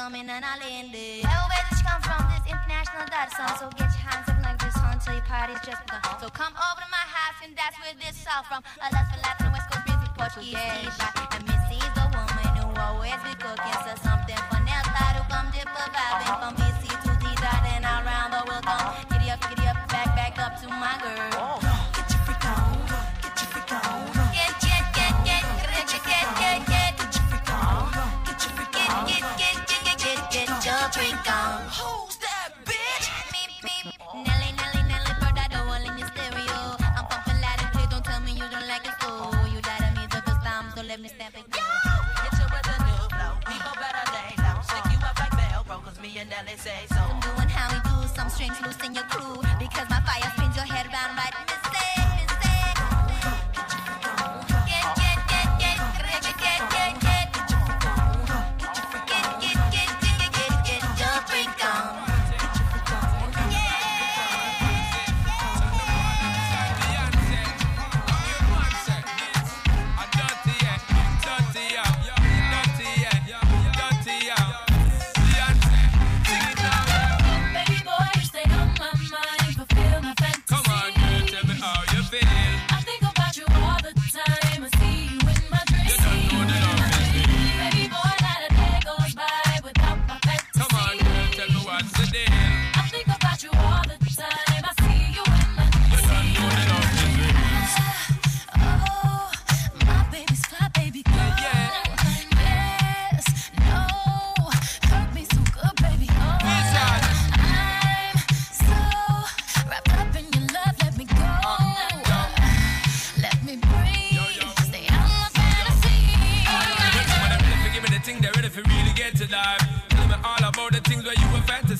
coming and I landed. Well, where did you come from? This international dot song. So get your hands up like this song till your party's just begun. So come over to my house and that's where this all from. A lust for life West Coast breeze Portuguese, Portuguese. And Missy's the woman who always be cooking. So something for now, to come dip a vibe in from BC to D dot and around the world. Come giddy up, giddy up, back, back up to my girl. Oh.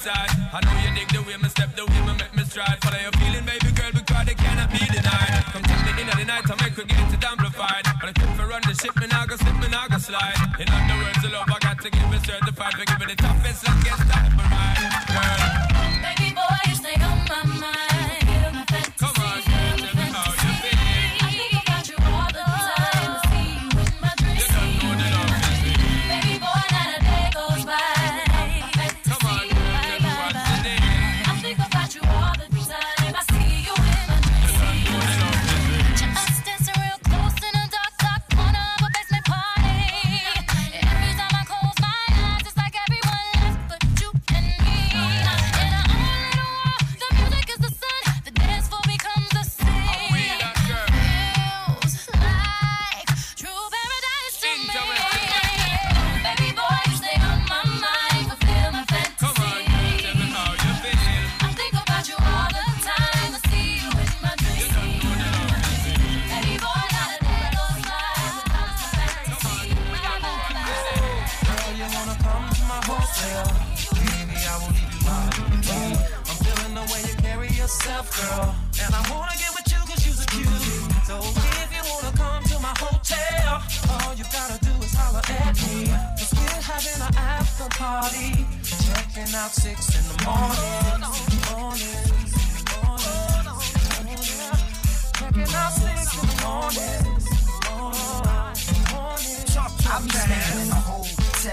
inside. I know you dig the way me step, the way me make me stride. Follow your feeling, baby girl, because they cannot be denied. Come take me in the night, I make it get it amplified. But if you run the ship, me I go slip, me I go slide. In other words, the love I got to give it certified. We give it the toughest, longest.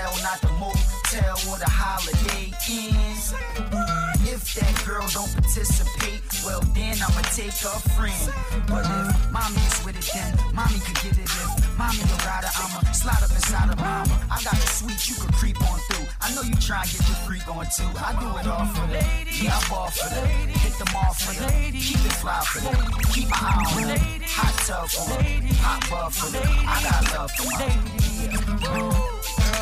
hell not the motel or the holiday ends. If that girl don't participate, well then I'ma take a friend. But if mommy is with it, then mommy can get it. If mommy a rider, I'ma slide up inside of mama. I got a sweet you can creep on through. I know you try and get your freak on too. I do it all for the yeah, I ball for the hit them all for the keep it fly for the keep my eye on the hot tub for the hot buff for the I got love for my. Yeah.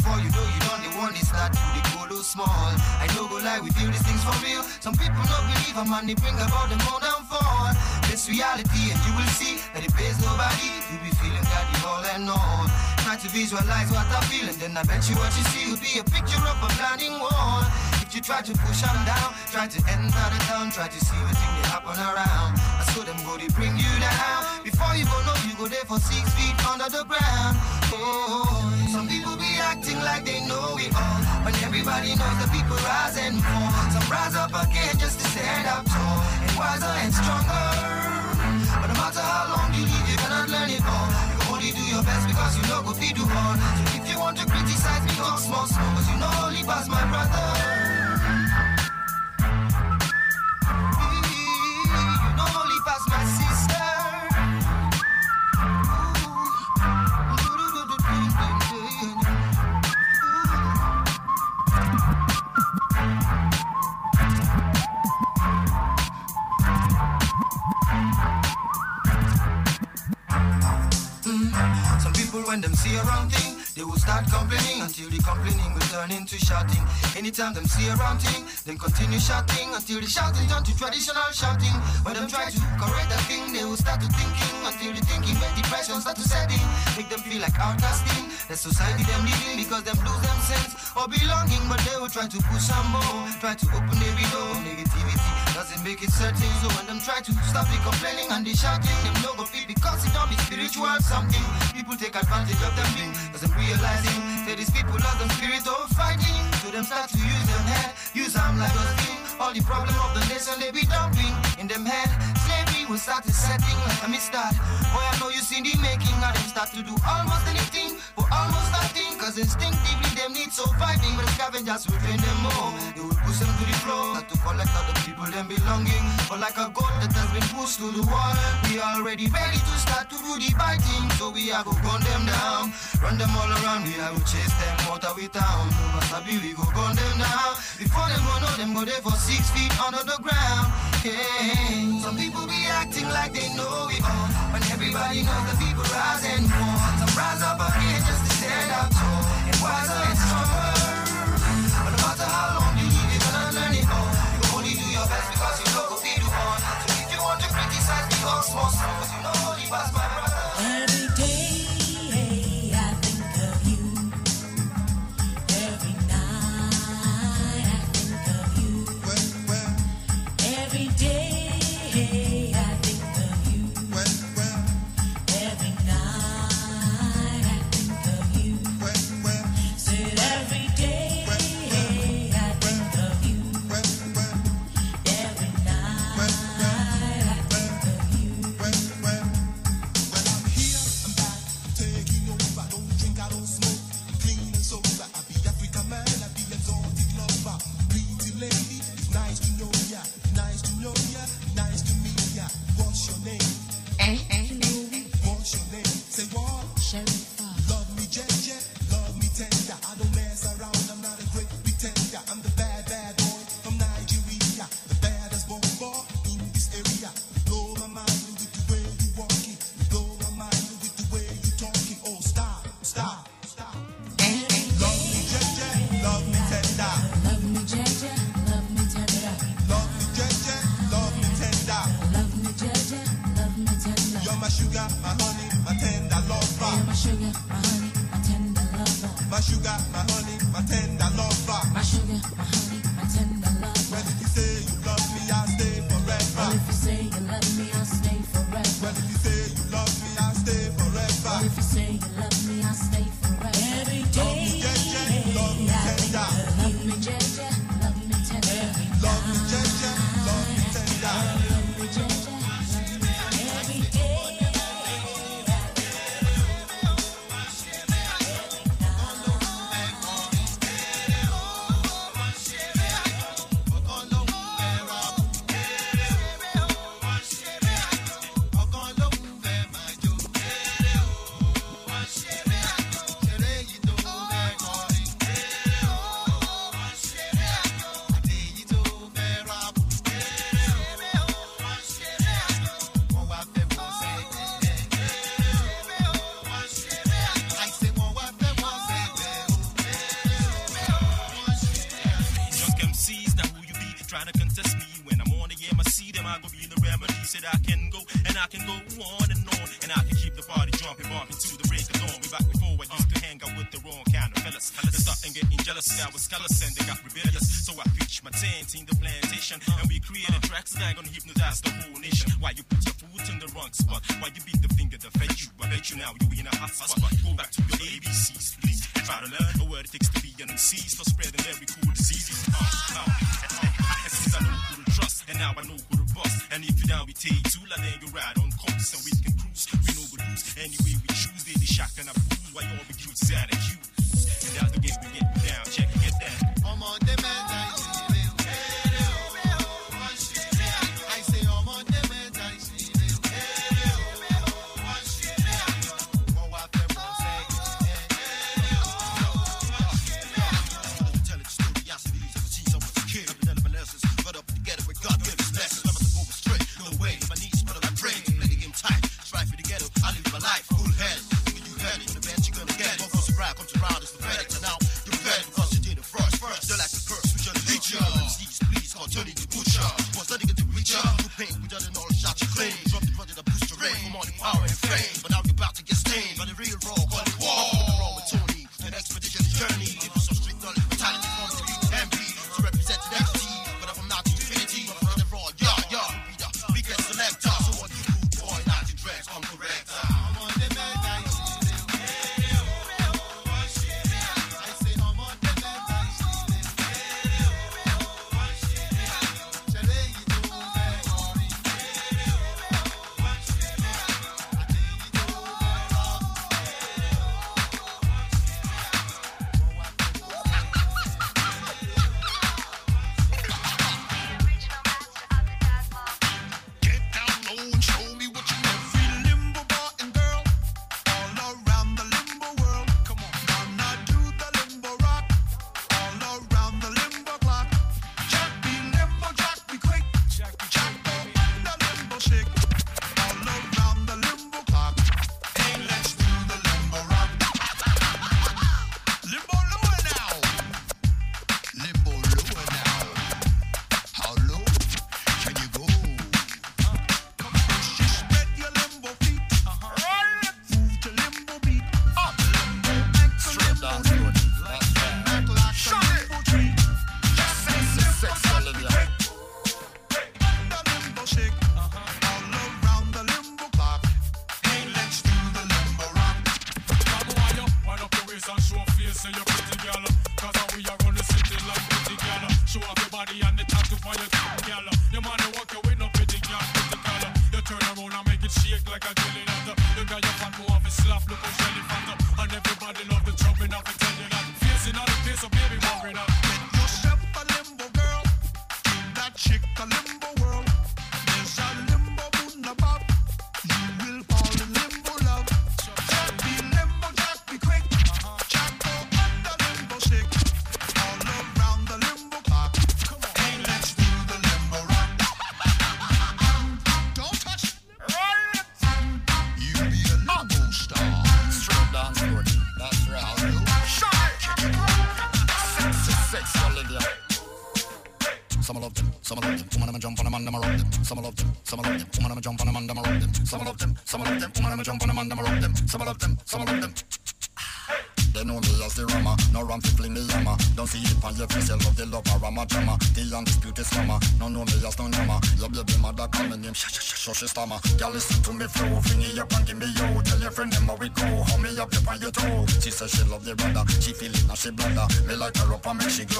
Before you know you done the one is not to the colo oh, small. I know go lie, we feel these things for real. Some people don't believe i man they bring about the more than fall. This reality, and you will see that it pays nobody. You be feeling God, you all and all try to visualize what I'm feeling, then I bet you what you see will be a picture of a blinding wall. If you try to push them down, try to enter the town, try to see what thing they happen around. I saw them go, they bring you down. Before you go, no, you go there for six feet under the ground. Oh, some people be acting like they know it all, but everybody knows the people rise and fall. Some rise up again just to stand up tall and wiser and stronger. But no matter how long you live, you cannot learn it all only do your best because you know go fit do one. if you want to criticize me, talk small, small, cause you know only pass my brother. to shouting. Anytime them see a wrong thing, then continue shouting until the shouting turn to traditional shouting. When them try to correct that thing, they will start to thinking until the thinking make depression start to set in. Make them feel like outcasting. The society them leading because them lose them sense or belonging, but they will try to push some more, try to open the window. Negativity doesn't make it certain, so when them try to stop the complaining and the shouting, them no go feel because it don't be spiritual something. People take advantage of them being, doesn't realizing Say these people love them spirit of fighting To them start to use them head Use them like a thing All the problem of the nation they be dumping In them head start to setting like a mistake. Boy, I know you see the making. I them start to do almost anything for almost nothing. Cause instinctively them need surviving. But the scavengers will them all, They will push them to the floor. Not to collect other people them belonging. But like a goat that has been pushed to the wall. We already ready to start to do the biting. So we have to gun them down. Run them all around. We have to chase them out of the town. No matter we go gun them down. Before them run know them go there for six feet under the ground. Hey, some people be out acting like they know it all. When everybody knows the people rise and fall. So rise up again, she love the brother She feeling now she bladder Me like her up and make she glow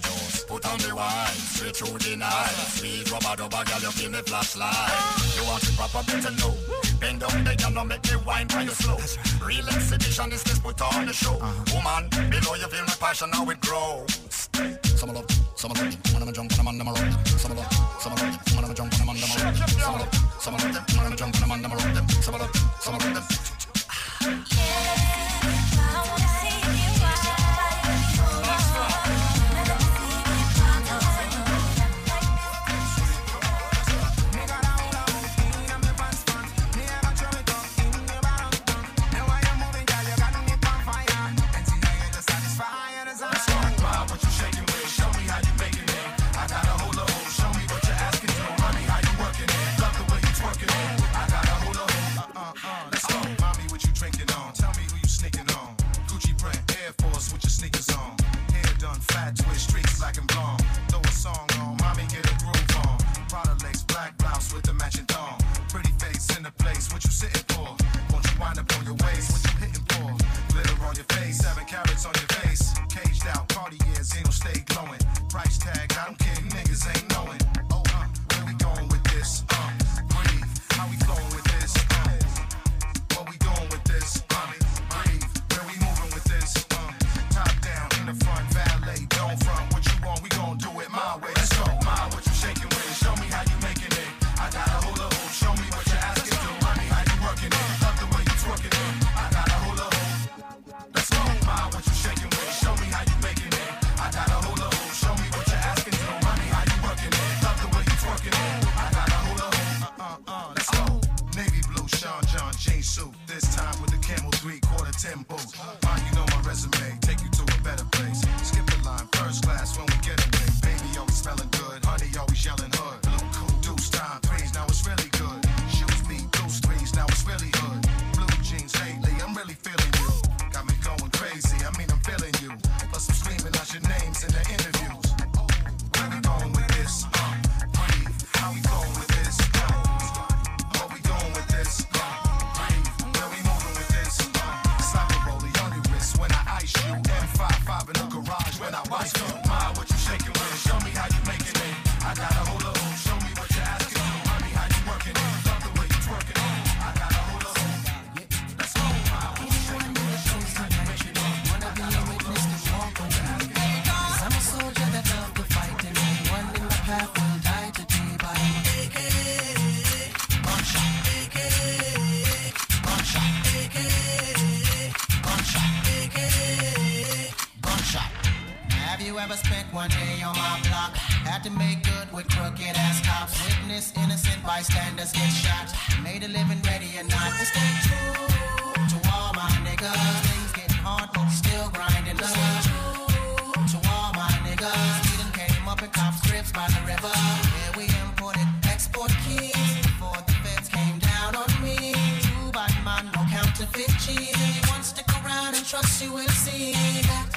Put on the wine, straight through the night. Sweet rubber dubber, girl, you feel me flashlight. You want it proper, better know. Bend down the girl, now make me wine while you slow. Real exhibition is this, put on the show. Uh-huh. Woman, below you feel my passion, now it grows. Some love, some love, when I'm jump, when I'm on the road. Some love, some love, when I'm jump, when I'm on the road. Some love, some love, when I'm jump, when I'm on the road. Some love, some love. Yeah.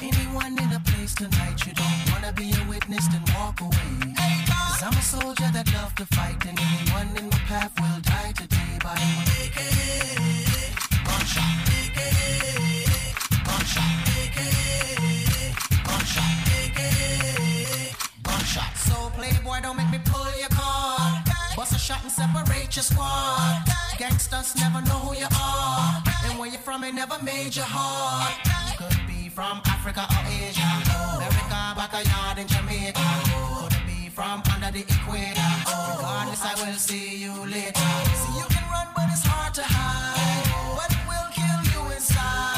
Anyone in place tonight you don't wanna be a witness, walk away. Cause I'm a soldier that love to fight, and anyone in my path will die today by gunshot. Gunshot. Gunshot. Gunshot. So, Playboy, don't make me pull your Bust a shot and separate your squad. Gangsters never know who you are. And where you are from, it never made your heart. You could be from Africa or Asia. America, backyard in Jamaica. Could be from under the equator. Regardless, I will see you later. See, you can run, but it's hard to hide. it will kill you inside?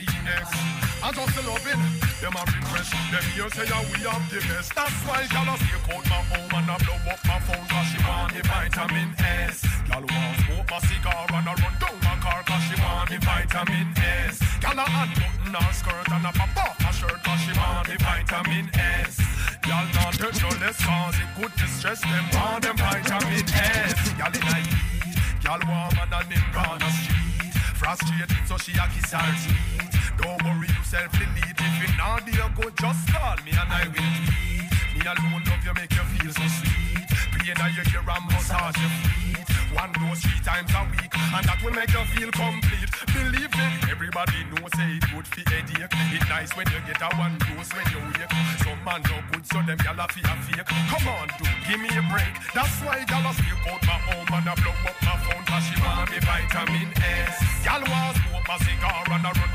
seen I just love it. Them a impressed. Them here say yeah, we have the best. That's why y'all a stake out my home and I blow up my phone cause she want the vitamin S. Y'all want smoke my cigar and I run down my car cause she want the vitamin S. Y'all a unbutton her skirt and I pop off my shirt cause she want the vitamin S. Y'all not hurt no less cause it could distress them want them vitamin S. Y'all in a heat. Y'all warm and I'm in Ghana street. Frustrated so she a kiss her teeth. Don't worry yourself in need. If you not a go just call me and I will meet Me alone love you, make you feel so sweet. Pain that you hear and massage your feet. One dose three times a week, and that will make you feel complete. Believe me, everybody knows say it good for headache. It's nice when you get a one dose when you wake. Some man no good, so them gyal a feel fake. Come on, dude, give me a break. That's why gyal a slip out my home and I blow up my phone 'cause she want me vitamin S. Gyal want smoke a cigar and a run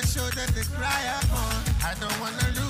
the show that they cry upon. I don't wanna lose.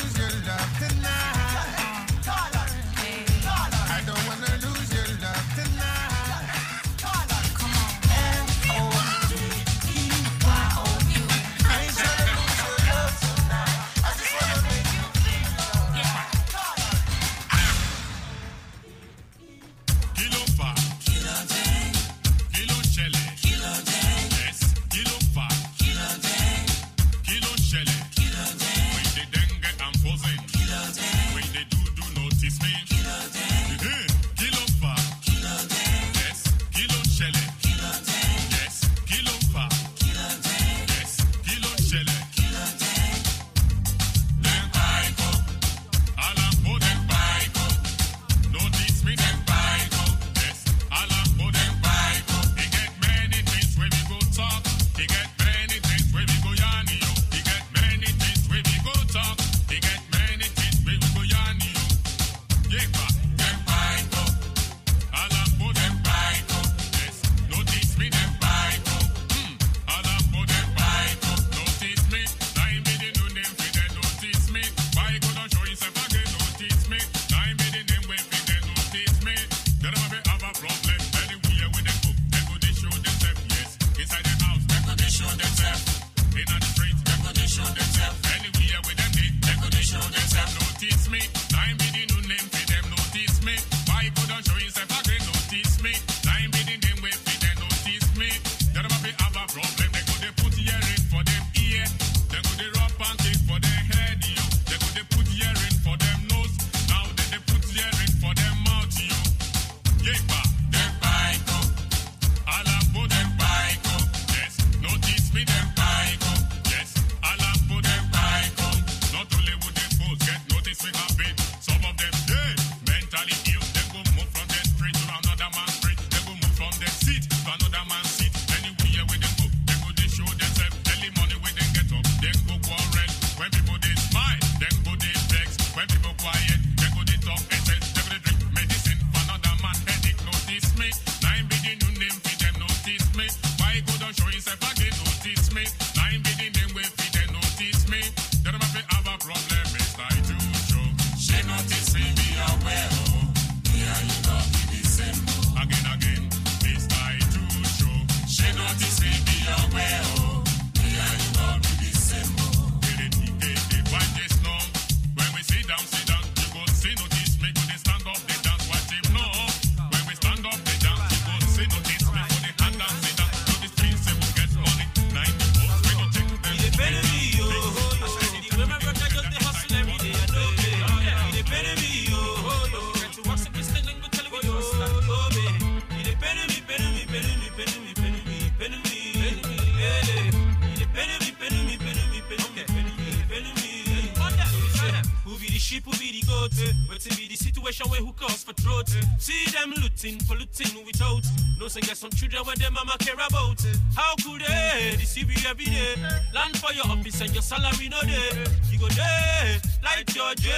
them looting, polluting without. No get some children when their mama care about. How could they deceive you every day? Land for your office and your salary no day. You go there, light your J.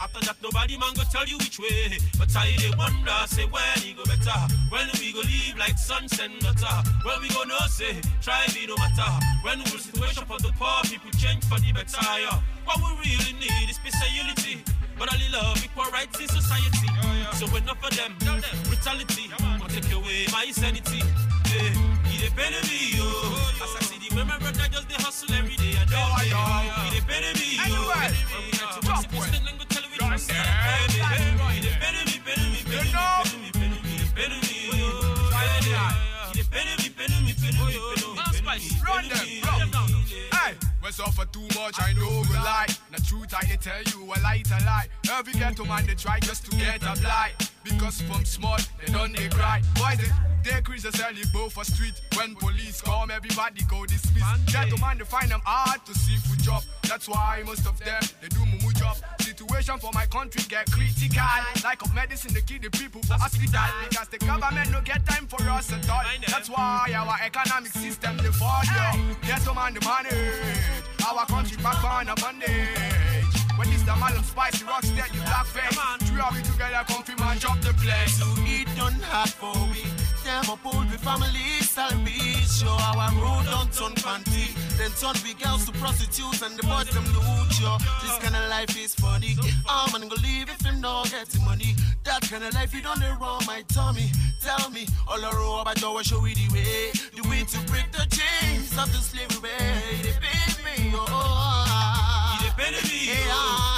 After that, nobody man go tell you which way. But I they wonder, say when you go better. When we go leave like sunset, and gutter. When we go no say, try be no matter. When will situation for the poor people change for the better? Yeah. What we really need is peace and unity. Brotherly love, equal rights in society. Yeah, yeah. So enough of them, Tell them. brutality. Yeah, take away my sanity. Hey, it depend on me, yo. Oh, As I see the my brother just they hustle every day. I don't oh, It depend on me, yo. Anyway, drop it. We suffer too much, I know we lie. The truth I tell you, a lie a lie. Every ghetto man they try just to get a blight. Because from small, they don't they cry. Why they they a selling both for street? When police come, everybody go dismiss. man, they find them hard to see for job. That's why most of them they do mumu job. Situation for my country get critical. Like of medicine, they kill the people for hospital because the government no get time for us at all. That's why our economic system they fall down. man the money? our country back on a bondage. When it's the Malum spicy rocks, then you black face. Three of you together, come fi man drop the place. So it don't have for we. Them up all with family Show Our road on turn panty. Then turn we girls to prostitutes and the boys them loot yo. This kind of life is funny. I'm gonna leave if him not getting money. That kind of life you don't wrong my tummy. Tell me all I row about your show we the way, the way to break the chains of the slavery. They me oh better Yeah.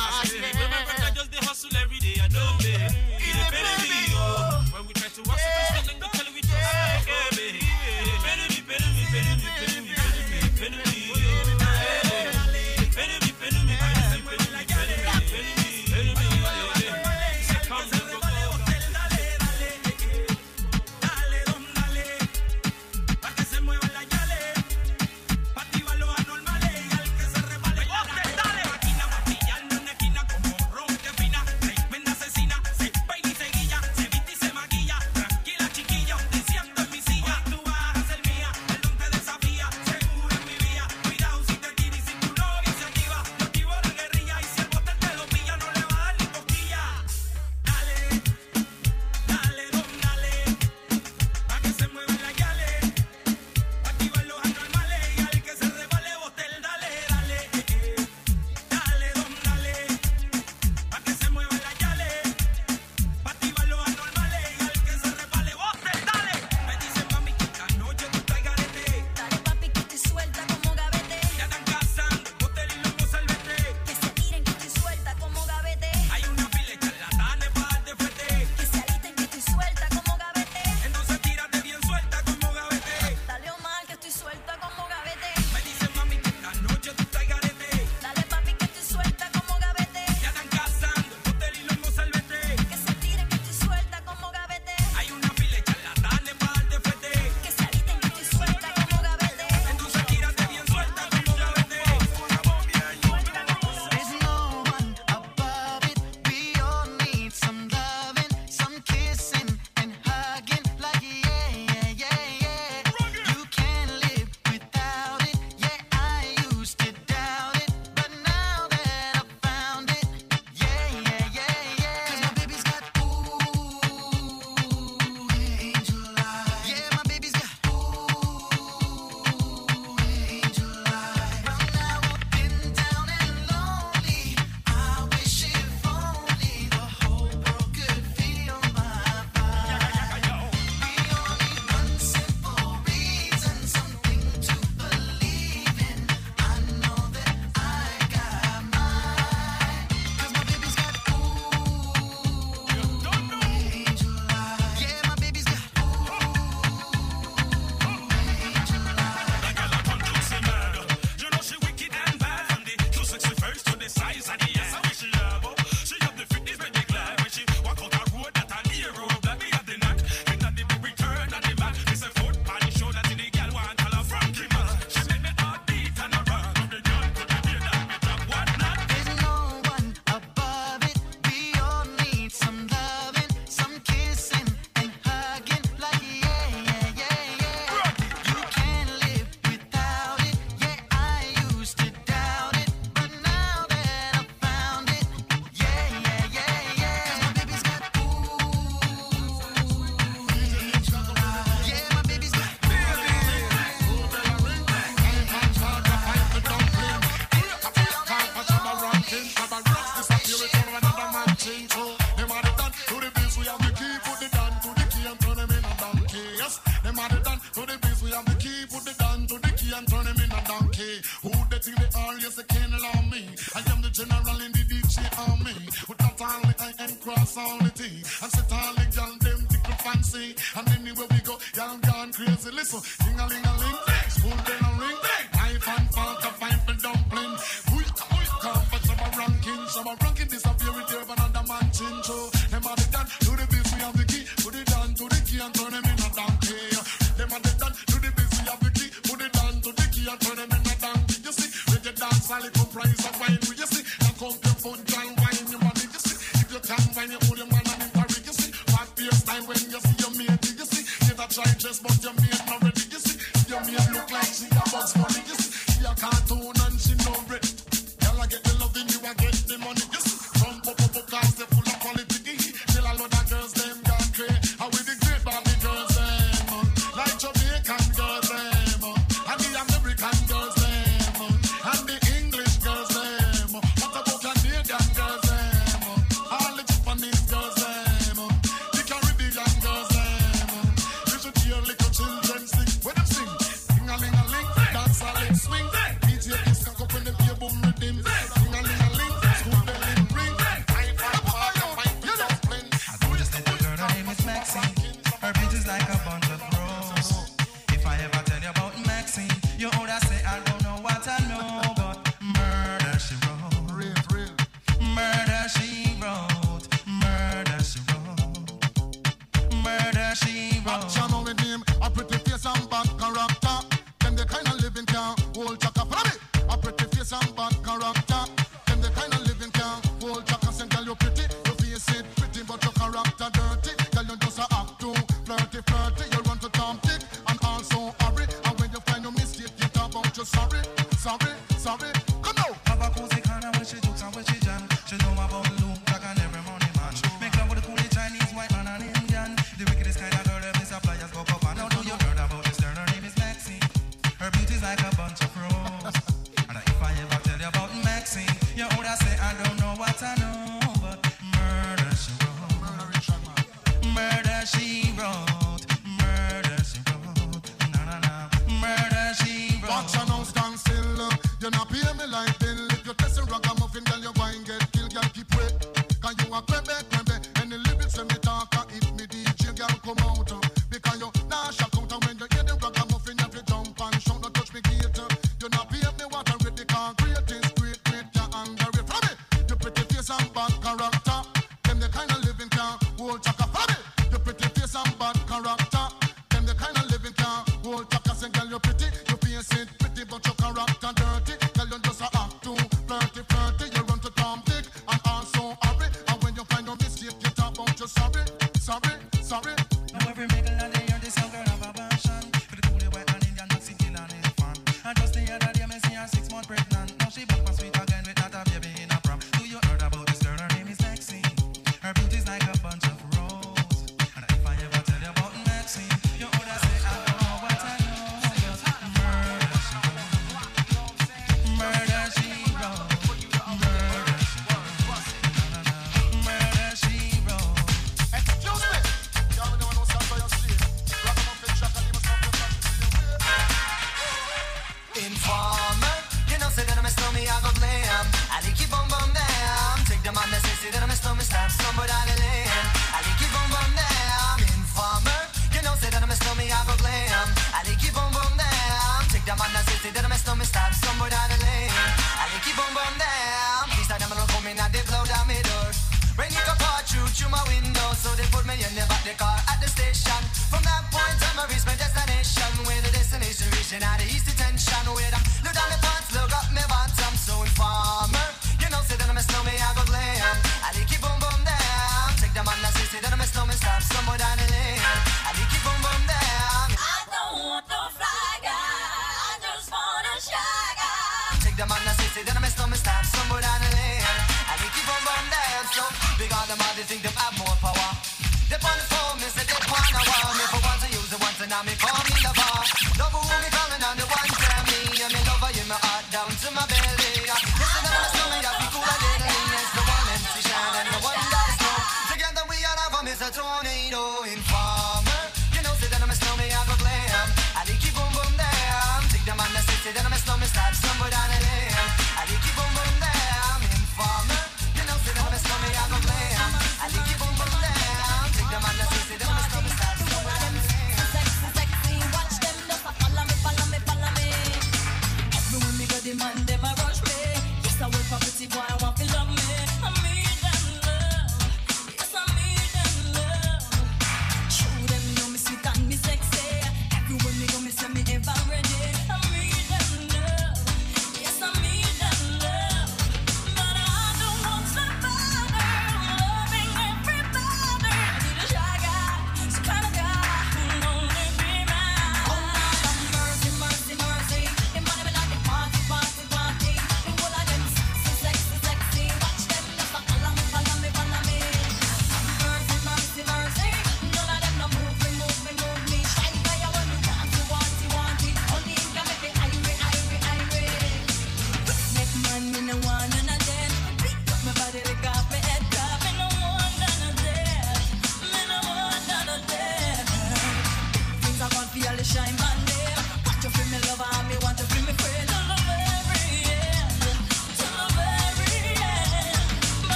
women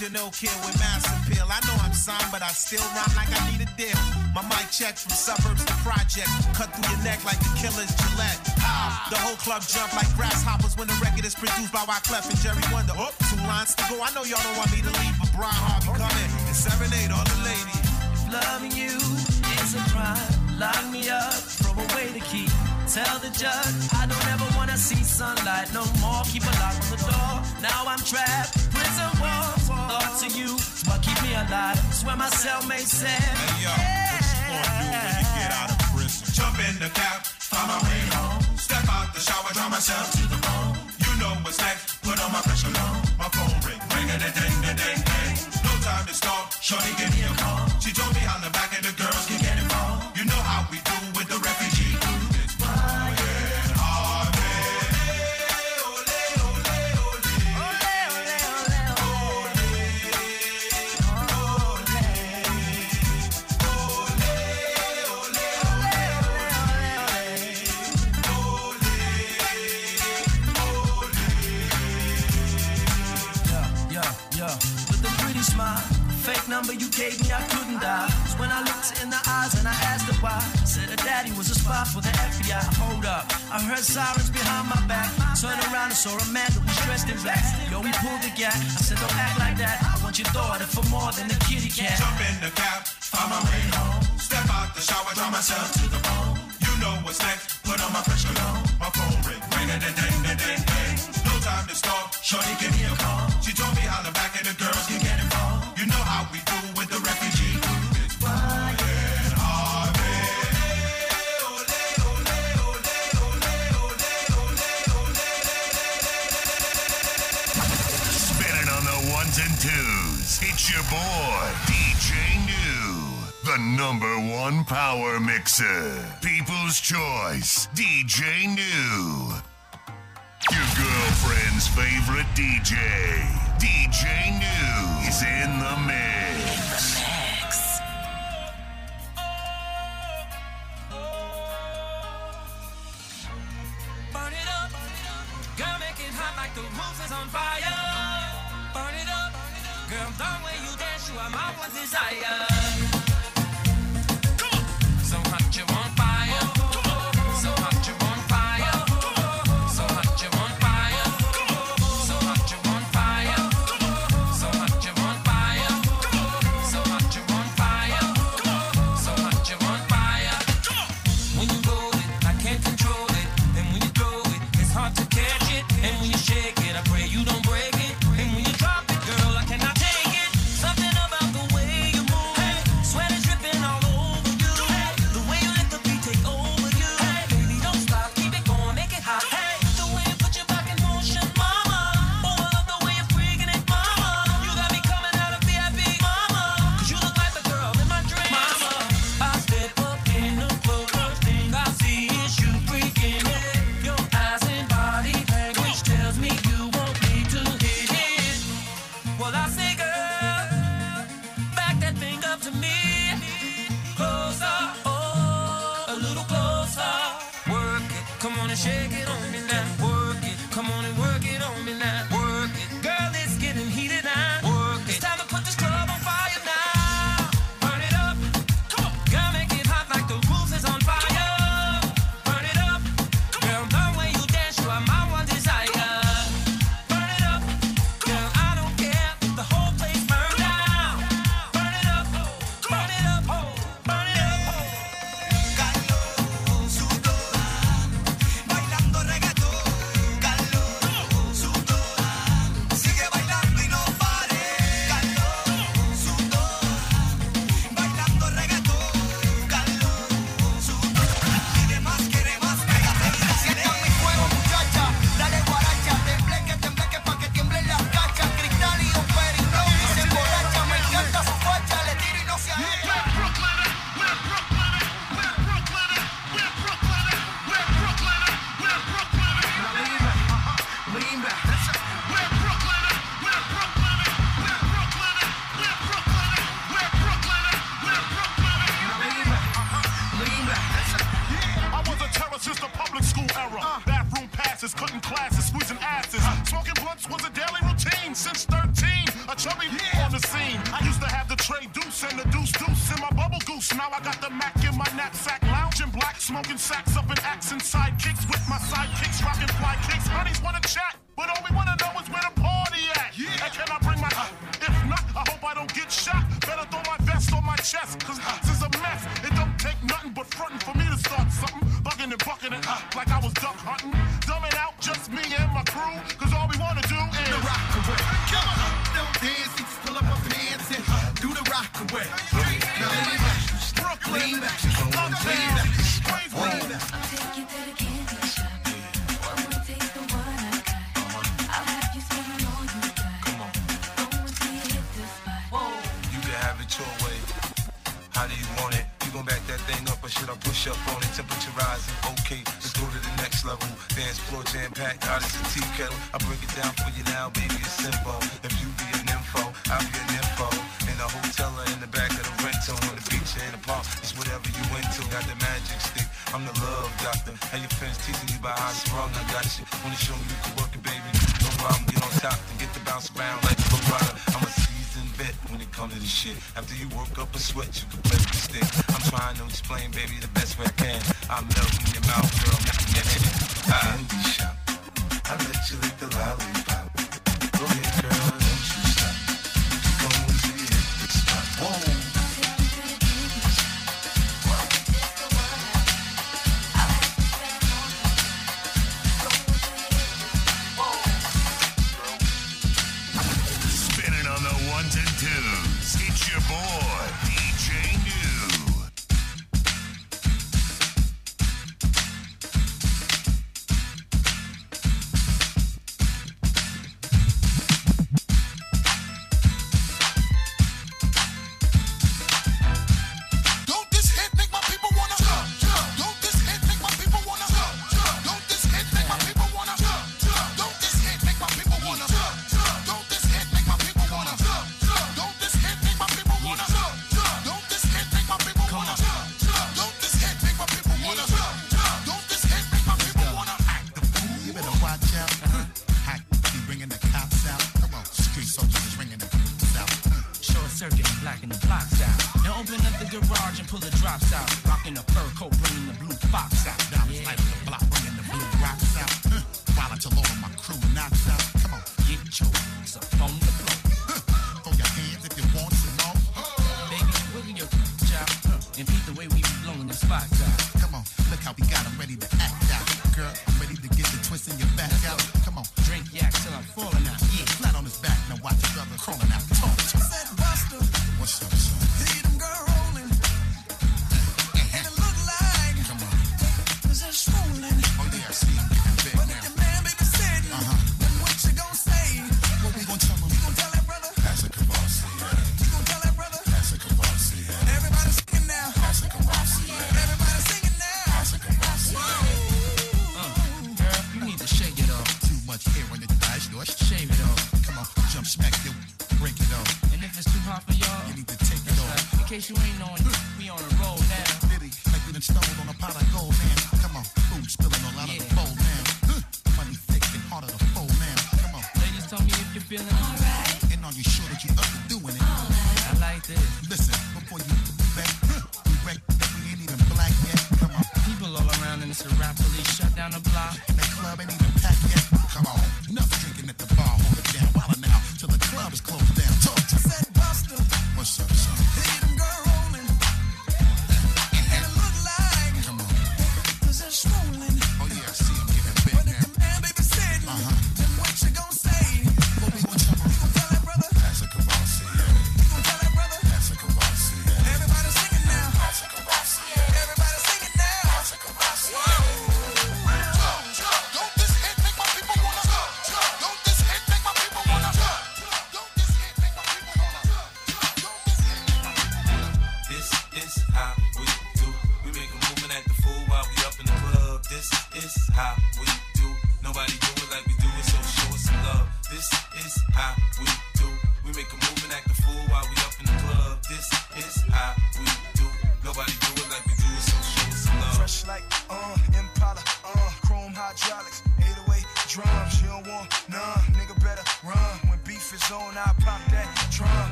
You know, kid with mass appeal. I know I'm signed, but I still rhyme like I need a deal. My mic checks from suburbs to projects. Cut through your neck like the killer's Gillette. Ah, the whole club jump like grasshoppers when the record is produced by Wyclef and Jerry Wonder. Oh, two lines to go. I know y'all don't want me to leave, but Brian Harvey coming and serenade all the ladies. If loving you is a crime, lock me up, throw away the key tell the judge I don't ever wanna see sunlight no more. Keep a lock on the door. Now I'm trapped. Prison walls. Thoughts of you, what keep me alive. Swear my cellmate said. Hey yo, yeah. what you gonna do when you get out of prison? Jump in the cab, find my way home. Step out the shower, draw myself to the bone. You know what's next. Put on my pressure on. My phone ring, ring a ding, ding, ding, ding. No time to stop. Shorty gave me a call. She told me on the back of the girls can get. gave me, I couldn't die. It's when I looked in the eyes and I asked her why. Said her daddy was a spy for the FBI. Hold up, I heard sirens behind my back. Turned around and saw a man that was dressed in black. Yo, we pulled the gap. I said, don't act like that. I want your daughter for more than a kitty cat. Jump in the cab, find my way home. Step out the shower, draw myself to the bone. You know what's next, put on my pressure on. My phone ring, ring a ding ding ding ding. No time to stop, shorty give me a call. She told me how the back of the girls can get. DJ New, the number one power mixer. People's Choice, DJ New. Your girlfriend's favorite DJ, DJ New, is in the mix. way. How do you want it? You gon' back that thing up or should I push up on it? Temperature rising, okay, let's go to the next level. Dance floor jam packed, hot as a tea kettle. I break it down for you now, baby, it's simple. If you be an info, I'll be an info. In a hotel or in the back of the rental, on the beach or in the park, it's whatever you into. Got the magic stick, I'm the love doctor. Hey, your friends teasing you about how strong I got you. Wanna show me you can work it, baby? No problem, get on top and get the bounce around like a rider come to this shit. After you work up a sweat, you can play with the stick. I'm trying to explain, baby, the best way I can. I'm melting your mouth, girl, not your head. Candy shop. I let you lick the lollipop. Go ahead.